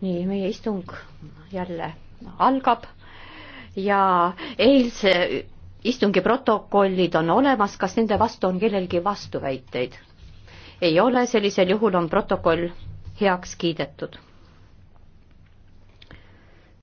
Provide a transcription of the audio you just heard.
nii, meie istung jälle algab ja eilse istungi protokollid on olemas, kas nende vastu on kellelgi vastuväiteid? ei ole, sellisel juhul on protokoll heaks kiidetud